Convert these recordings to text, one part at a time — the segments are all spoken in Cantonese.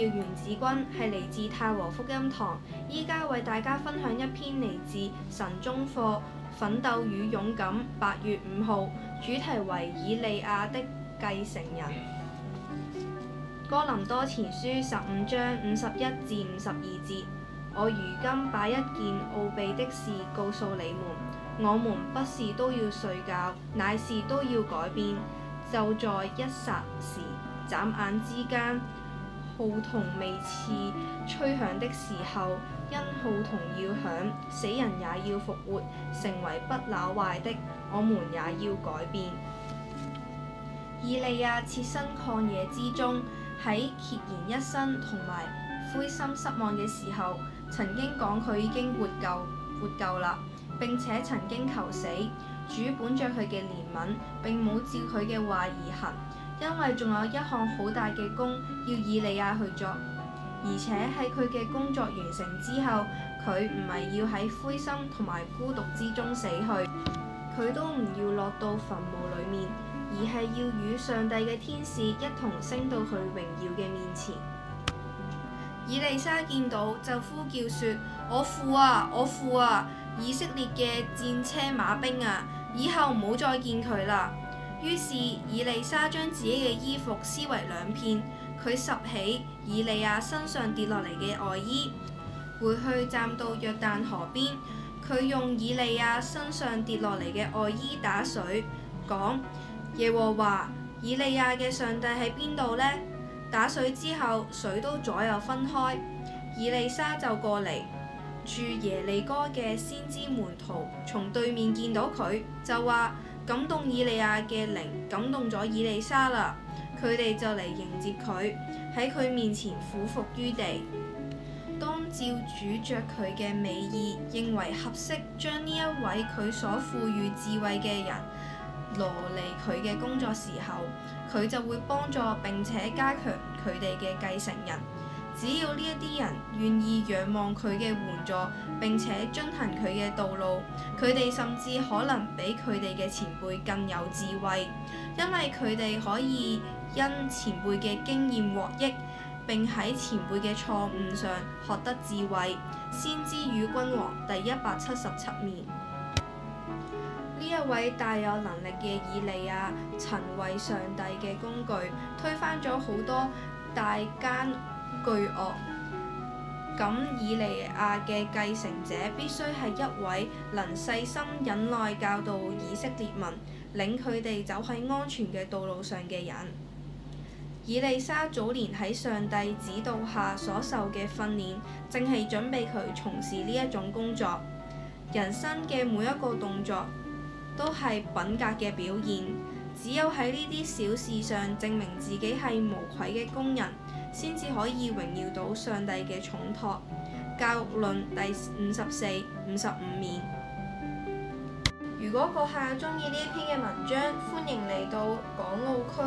叫原子君，係嚟自太和福音堂。依家為大家分享一篇嚟自神中課《奮鬥與勇敢》，八月五號，主題為以利亞的繼承人。哥林多前書十五章五十一至五十二節，我如今把一件奧秘的事告訴你們：我們不是都要睡覺，乃是都要改變，就在一剎時、眨眼之間。號筒末次吹響的時候，因號筒要響，死人也要復活，成為不朽壞的，我們也要改變。以利亞切身曠野之中，喺孑然一身同埋灰心失望嘅時候，曾經講佢已經活夠活夠啦，並且曾經求死，主本着佢嘅憐憫，並冇照佢嘅話而行。因為仲有一項好大嘅工要以利亞去做，而且喺佢嘅工作完成之後，佢唔係要喺灰心同埋孤獨之中死去，佢都唔要落到墳墓裏面，而係要與上帝嘅天使一同升到去榮耀嘅面前。以利沙見到就呼叫說：我父啊，我父啊，以色列嘅戰車馬兵啊，以後唔好再見佢啦！於是以利沙將自己嘅衣服撕為兩片，佢拾起以利亞身上跌落嚟嘅外衣，回去站到約旦河邊。佢用以利亞身上跌落嚟嘅外衣打水，講耶和華以利亞嘅上帝喺邊度呢？打水之後，水都左右分開。以利沙就過嚟，住耶利哥嘅先知門徒從對面見到佢，就話。感動以利亞嘅靈，感動咗以利沙啦，佢哋就嚟迎接佢，喺佢面前俯伏於地。當照主着佢嘅美意認為合適，將呢一位佢所賦予智慧嘅人挪離佢嘅工作時候，佢就會幫助並且加強佢哋嘅繼承人。只要呢一啲人願意仰望佢嘅援助，並且遵行佢嘅道路，佢哋甚至可能比佢哋嘅前輩更有智慧，因為佢哋可以因前輩嘅經驗獲益，並喺前輩嘅錯誤上學得智慧。先知與君王第一百七十七面。呢一位大有能力嘅以利亞曾為上帝嘅工具，推翻咗好多大奸巨惡。咁，以利亞嘅繼承者必須係一位能細心忍耐，教導以色列民，領佢哋走喺安全嘅道路上嘅人。以利沙早年喺上帝指導下所受嘅訓練，正係準備佢從事呢一種工作。人生嘅每一個動作都係品格嘅表現，只有喺呢啲小事上證明自己係無愧嘅工人，先至可以榮耀到上帝嘅重託。教育論第五十四、五十五面。如果閣下中意呢一篇嘅文章，歡迎嚟到港澳區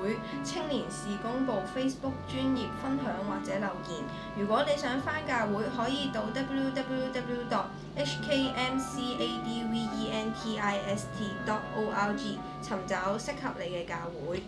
會青年事工部 Facebook 專頁分享或者留言。如果你想返教會，可以到 www.hkmcadventist.org 尋找適合你嘅教會。